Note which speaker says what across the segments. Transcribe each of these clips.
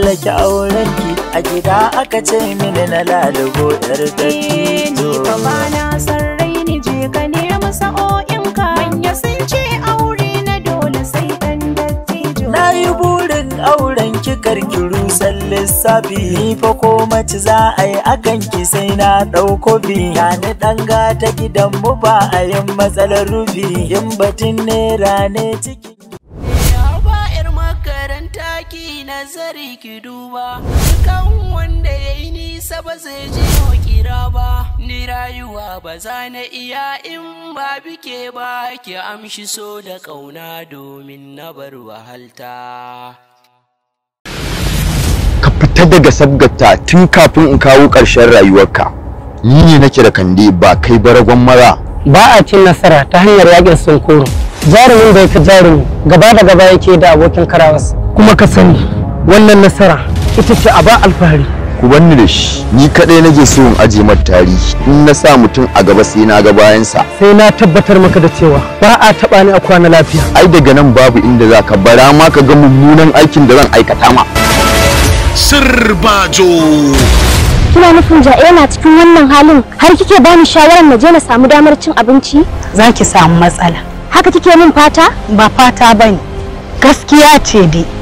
Speaker 1: tsallake ki a gida aka ce mini na lalubo yar datti ni fa ba na san rai ni je ka nemi sa'o'in ka manya sun ce aure na dole sai dan dattijo. na yi burin auren ki karki San lissafi ni fa ko mace za a yi akan ki sai na ɗauko bi ya ni ɗan gata gidan mu ba a yin matsalar rufi Yin batun naira ne ciki nazari ki duba dukan wanda ya yi nisa ba zai ji kira ba ni rayuwa ba za na iya in ba bike ba ki amshi so da ƙauna domin na bar wahalta ka fita daga sabgata tun kafin in kawo ƙarshen rayuwarka ni ne nake da kande ba kai baragon mara ba a cin nasara ta hanyar yakin sunkuru jarumin bai ka jarumi gaba da gaba yake da abokin karawarsa kuma ka sani wannan nasara ita ce a ba alfahari ku banni da shi ni kadai nake so in aje mata tarihi in na sa mutum a gaba sai na ga bayansa sai na tabbatar maka da cewa ba a taba ni a kwana lafiya ai daga nan babu inda zaka bara ma ka ga mummunan aikin da zan
Speaker 2: aikata ma sirbajo kina nufin ja yana cikin
Speaker 1: wannan halin har kike bani shawarar na je na samu damar cin abinci zaki samu matsala haka kike min fata ba fata bane gaskiya ce dai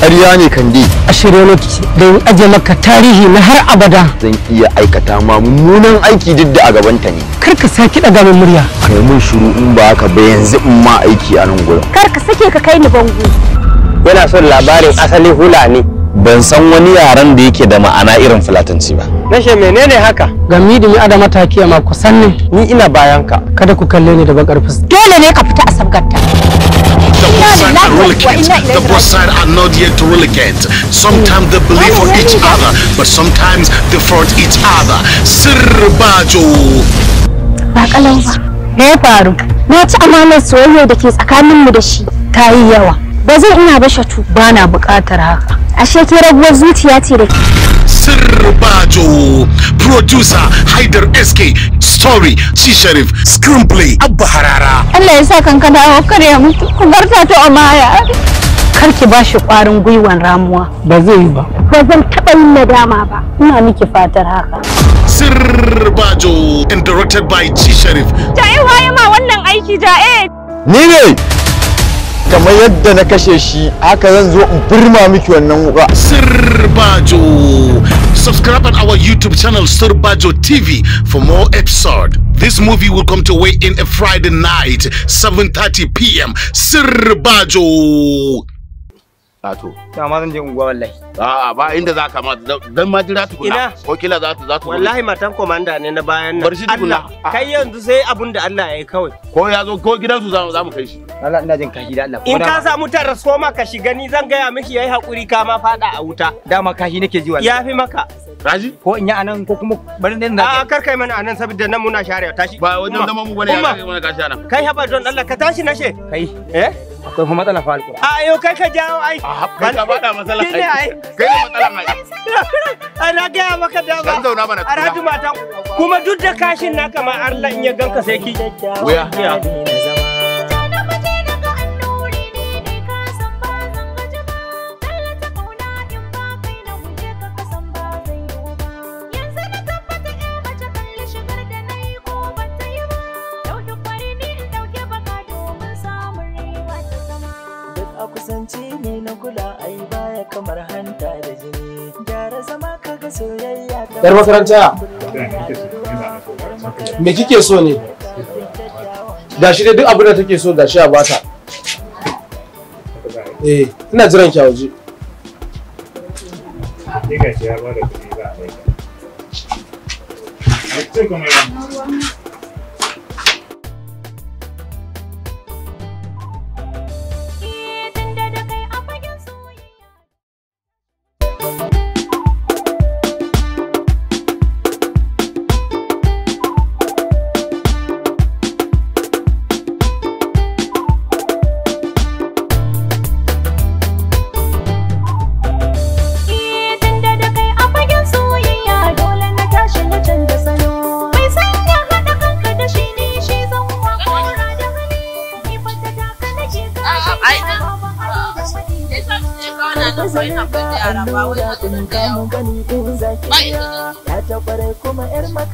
Speaker 1: ƙarya ne kan dai a shirye Da don aje maka tarihi na har abada zan iya aikata ma mummunan aiki duk da a gabanta ne kar ka saki daga min murya kai mun shiru in ba haka ba yanzu in ma aiki a nan gurin kar ka sake ka kai ni bango yana son labarin asali hula ne ban san wani yaren da yake da ma'ana irin fulatanci ba Na nashe menene haka gami da mi ada mataki ma kusan ne ni ina bayanka kada ku kalle ni da bakar fus dole ne
Speaker 2: ka fita a sabgarta
Speaker 1: the both sides are relicant. The both
Speaker 2: sides are not yet relicant. Sometimes they believe for each other, but sometimes they front each other. Sir Bajo.
Speaker 1: kalau Me ya faru? Na ci amanar soyayya da ke tsakaninmu da shi ta yi yawa. Ba zan ina ba shatu ba na buƙatar haka. Ashe ke rabuwar zuciya ce da ke.
Speaker 2: sirbajo producer haidar sk story si sharif screenplay abba harara
Speaker 1: allah ya sa kankana a kare mutu ku barta ta omaya kar ki ba shi kwarin gwiwan ramuwa ba zai yi ba ba zan taɓa yin nadama ba ina miki fatar haka
Speaker 2: sirbajo and directed by chi sharif
Speaker 1: ja'e waye ma wannan
Speaker 3: aiki ja'e
Speaker 2: ni ne kamar yadda na kashe shi haka zan zo in birma miki wannan wuka sirbajo subscribe on our youtube channel sirbajo tv for more episode this movie will come to way in a friday night 7:30 p.m sirbajo a ah, to ma zan je unguwa wallahi a'a ba inda za ka ma dan ma jira tukuna ko kila za ta
Speaker 3: za ta wallahi matan komanda ne na bayan nan bar tukuna kai ah. yanzu sai abun da Allah ya yi kawai ko ya
Speaker 2: zo ko gidan su za mu kai shi Allah ina jin kashi da Allah in ka
Speaker 3: samu taras ko ma ka shiga ni zan gaya miki yayi hakuri ka ma fada a wuta dama kashi nake ji wallahi yafi maka Raji? Ko in yi anan ko kuma bari ne na. A'a kar kai mana anan saboda nan muna share tashi. Ba wajen zama mu bane ya kai mana kashi anan. Kai haba don Allah ka tashi nashe. Kai. Eh? akwai fa matsala fa alƙura. A yau kai ka jawo ai. Kai ka faɗa kai ai. ai. Kai ne matsala ai. na gaya maka da ba. Zan zauna
Speaker 1: a Aradu mata kuma duk da kashin naka ma Allah in ya ganka sai ki. Wuya.
Speaker 3: kamar hanta da jini gyara zama soyayya yar makaranta me kike so ne gashi dai duk abin da take so gashi a bata eh ina jiran ki a waje
Speaker 2: gashi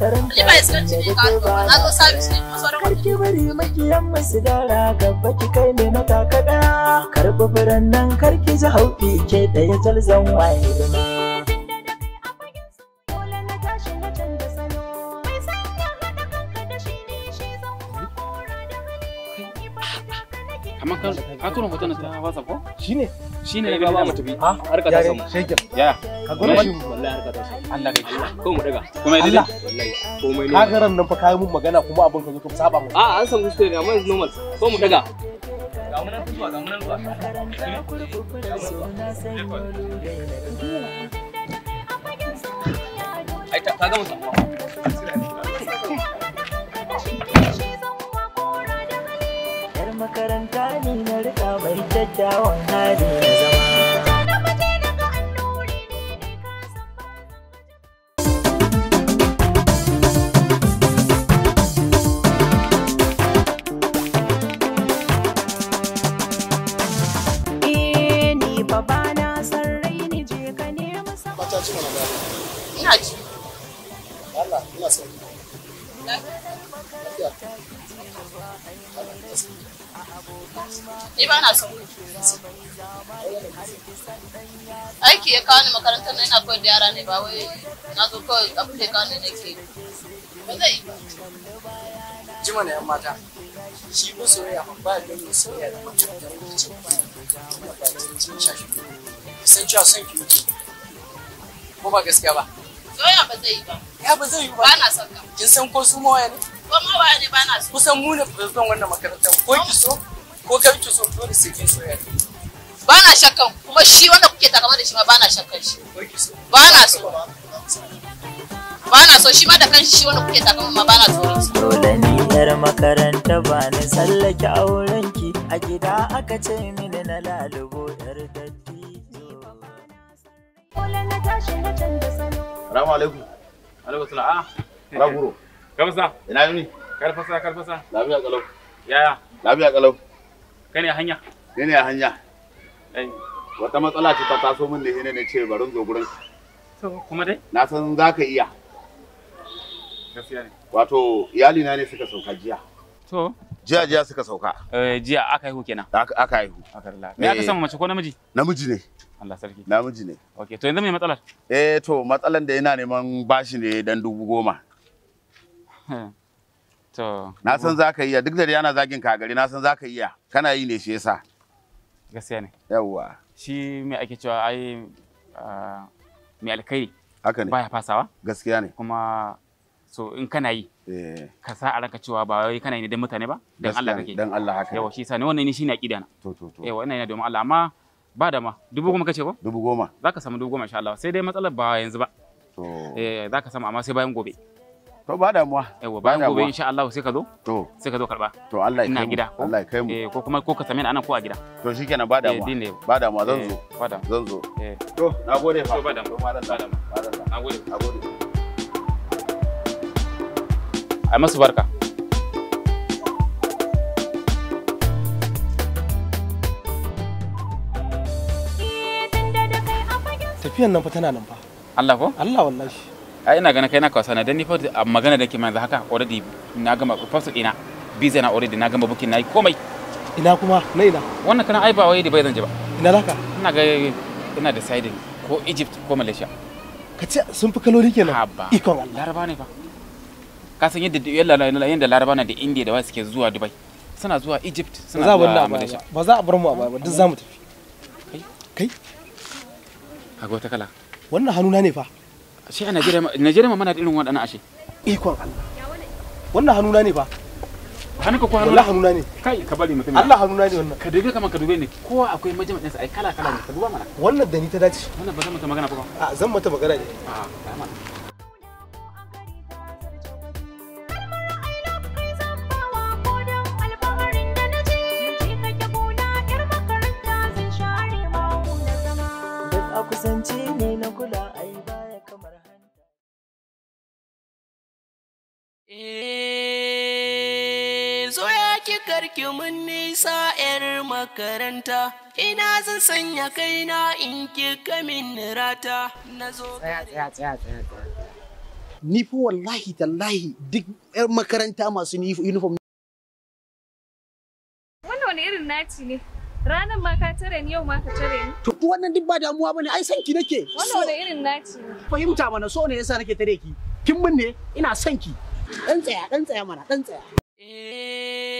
Speaker 1: Shi ba ba, na zo sabis ne bari makiyan masu dara gaba ki kai ne mata kaɗa. Karɓi furen nan karki ji haufi ke ɗaya zalzan waye.
Speaker 3: ka tura na ta whatsapp ko shine shine na ga ba mu tafi har ka samu shege ya ka gura shi wallahi har ka ta samu Allah kai ko mu daga kuma ya dade wallahi komai ne ka ran nan fa kai mun magana kuma abin ka zo ka saba mu a an san kuskure ne amma normal ko mu daga
Speaker 2: ga mu nan zuwa ga mu nan zuwa
Speaker 3: ai ta ka
Speaker 1: makaranta ne na 家，我太你。Ni ba na son Aiki ya kawo ni makarantar na yana koyar da yara ne ba wai na zo kawai abu da ya kawo ni da ke. Ba zai yi ba. Jima na 'yan mata. Shi mun soyayya ba ba da mun soyayya da mutum da mun ci ba. Kuma ba da mun sha shi. Sun cewa son ki wuce. Ko ba gaskiya ba.
Speaker 3: Soyayya ba zai yi ba. Ya ba zai yi ba. Ba na son ka.
Speaker 1: Kin san ko su waya ne?
Speaker 3: Ko mawaya ne ba na son. Kusan mu
Speaker 1: ne president wannan makarantar. Ko ki so ko kai ki so dole sai kin soyayya ba na shakkan kuma shi wanda kuke takama da shi ma ba na shakkan shi ba na so ba na so shi ma da kanshi shi wanda kuke takama ma ba na so dole ni yar makaranta ba ni sallake auren ki a gida aka ce mini na lalubo yar datti
Speaker 3: Salamu alaikum. Alaikum salam. Ah, Raburo. Kamsa. Ina yuni? Karfasa karfasa. Lafiya kalau. Yaya? Lafiya kalau. Kai ne hanya? Ni ne hanya. Wata matsala ce ta taso min da hina ne ce barin zo gurin. To kuma dai? Na san za ka iya. Gaskiya ne. Wato iyalina ne suka sauka jiya. To? Jiya jiya suka sauka. Eh jiya aka haihu kenan. Aka haihu. Me aka eh. san mace ko namiji? Namiji ne. Allah sarki. Namiji ne. Okay to yanzu me matsalar? Eh to matsalan da yana neman bashi ne dan dubu goma. To. Na san za ka iya duk da yana zagin ka gari na san za ka iya kana yi ne shi yasa. Gaskiya ne. Yawwa. Shi mai ake cewa ai ah, mai alkhairi. Haka ne. Baya fasawa. Gaskiya ne. Kuma so in kana yi. Eh. Ka sa a ranka cewa ba wai kana yi ne dan mutane ba dan Allah kake. Dan Allah haka. Yawwa shi yasa ne wannan ne ne aqida na. To to to. Yawwa ina yana domin Allah amma ba da ma dubu goma kace ko? Dubu goma. Za ka samu dubu goma insha Allah sai dai matsalar ba yanzu ba. To. Eh za ka samu amma sai bayan gobe. To ba da damuwa. Yawwa bayan gobe insha Allah sai ka zo. To. Sai ka zo karba. To Allah ya kai mu. gida. Allah ya kai mu. Eh ko kuma ko ka same ni anan ko a gida. To shikenan ba da muwa. Eh, ba da muwa zan eh, zo. Ba damuwa. Zan zo. Eh. To nagode fa. Ba da muwa. Ba da muwa. Ba damuwa. Nagode. Nagode. Ai masu barka. Tafiyan nan fa tana nan fa. Allah ko? Allah wallahi. A ina ganin kai na kwasa na dan ni fa magana da ke mai haka already na gama fasa ina visa na already na gama bukin nayi komai ina kuma na ina wannan kana ai ba wai da bai zan je ba ina laka ina ga ina deciding ko Egypt ko Malaysia ka ce sun fi kaloli kenan haba ikon Allah laraba ne fa ka san yadda yalla yanda laraba na da India da wasu suke zuwa Dubai suna zuwa Egypt suna zuwa Malaysia ba za a bar mu a baya ba duk za mu tafi kai kai a wata kala wannan hannuna ne fa sai a Najeriya Najeriya mana da irin waɗannan ashe ikon Allah wannan hannuna ne fa hannunka ko hannuna hannuna ne kai ka bari mutum Allah hannuna ne wannan ka dube kaman ka dube ne kowa akwai majami'in sa ai kala kala ne ka duba mana wannan da ni ta dace wannan ba zan mata magana ba a zan mata magana ne a
Speaker 1: makaranta ina zan sanya kaina in ke kamin rata na zo ni fa wallahi tallahi duk yar makaranta masu uniform
Speaker 3: wannan wani irin naci ne Ranar ma ka tare ni yau ma ka tare ni.
Speaker 1: To wannan duk ba damuwa bane ai sanki ki nake. Wannan wani irin naci ne. Fahimta mana so ne yasa nake tare ki. Kin bin ne ina son ki. Dan tsaya dan tsaya mana dan tsaya. Eh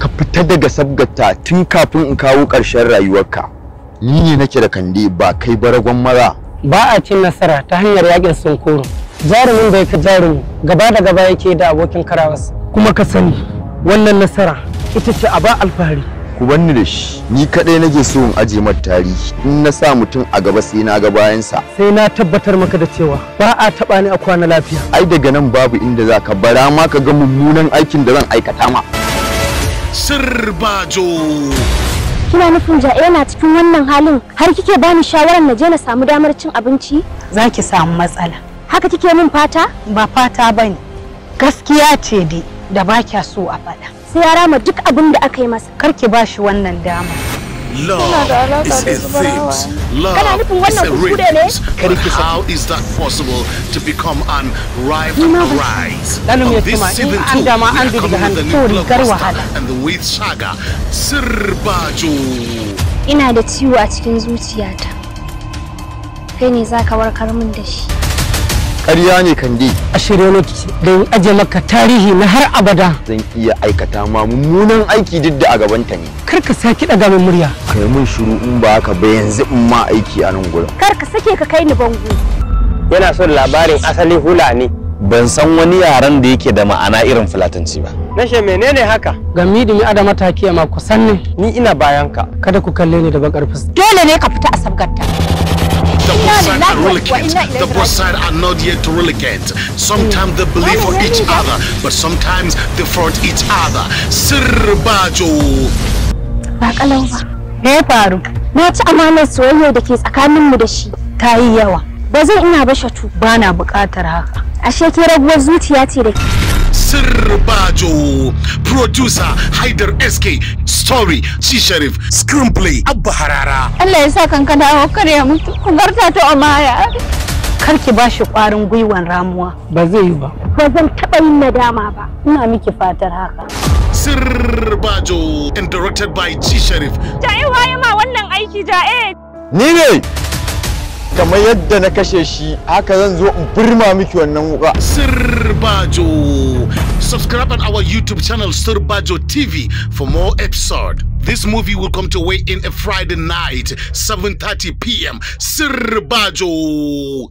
Speaker 1: ka fita daga sabgata tun kafin in kawo ƙarshen rayuwarka ni ne nake da kande ba kai baragon mara ba a cin nasara ta hanyar yakin sunkuru jarumin bai ka jarumi gaba da gaba yake da abokin karawas kuma ka sani wannan nasara ita ce a ba alfahari ku banni da shi ni kadai nake so in aje mata tarihi in na sa mutum a gaba sai na ga bayansa sai na tabbatar maka da cewa ba a taba ni a kwana lafiya ai daga nan babu inda zaka bara
Speaker 2: ma ka ga mummunan aikin da zan aikata ma sirbajo
Speaker 1: kina nufin ja'e eh, yana cikin wannan halin har kike bani shawarar na je na samu damar cin abinci za ki samu matsala haka kike min fata ba fata ba ne. gaskiya ce dai da ba kya so a faɗa sai ya rama duk abin da aka yi masa kar ki ba shi wannan dama
Speaker 2: Love is a thing. Love is a radiance. But how is that possible to become an rival rise? On this season two, we are coming with a new blockbuster and the with saga,
Speaker 1: Ina da ciwo a cikin zuciyata. Kai ne za ka warkar min da shi. ƙarya ne kan dai a shirye nake don aje maka tarihi na har abada zan iya aikata ma mummunan aiki duk da a gabanta ne kar ka saki daga min murya kai mun shiru in ba haka ba yanzu in ma aiki a nan gurin kar ka sake ka kai ni bango yana son labarin asali hula ne ban san wani yaren da yake da
Speaker 3: ma'ana irin fulatanci ba.
Speaker 1: Nashe menene haka? Ga da mi ada mataki ma kusan ne. Ni ina bayanka. Kada ku kalle ni da bakar fuska. Dole ne ka fita a sabgarta.
Speaker 2: the both sides are relicant. The both sides are not yet relicant. Sometimes they believe for each other, but sometimes they front each other. Sir Bajo.
Speaker 1: kalau ba. Me ya faru? Na ci amanar soyayya da ke tsakaninmu da shi ta yi yawa. Ba zan ina ba shatu. Ba na buƙatar haka. Ashe ke raguwar zuciya ce da ke.
Speaker 2: Nasir Bajo, producer Haidar SK, story Chi Sharif, screenplay Abba Harara.
Speaker 1: Allah ya sa kanka dawo ya mutu, ku barta ta Omaya. Kar ki ba shi ƙwarin gwiwan ramuwa.
Speaker 2: Ba zai yi ba.
Speaker 1: Ba zan taɓa yin nadama ba. Ina miki fatar haka.
Speaker 2: Sir Bajo and directed by Chi Sharif.
Speaker 1: Ja'e wayi ma wannan aiki ja'e.
Speaker 2: Ni ne. kamar yadda na kashe shi haka zan zo in birma miki wannan wuka sirbajo subscribe on our youtube channel sirbajo tv for more episode This movie will come to way in a Friday night, 7.30 p.m. Sirbajo!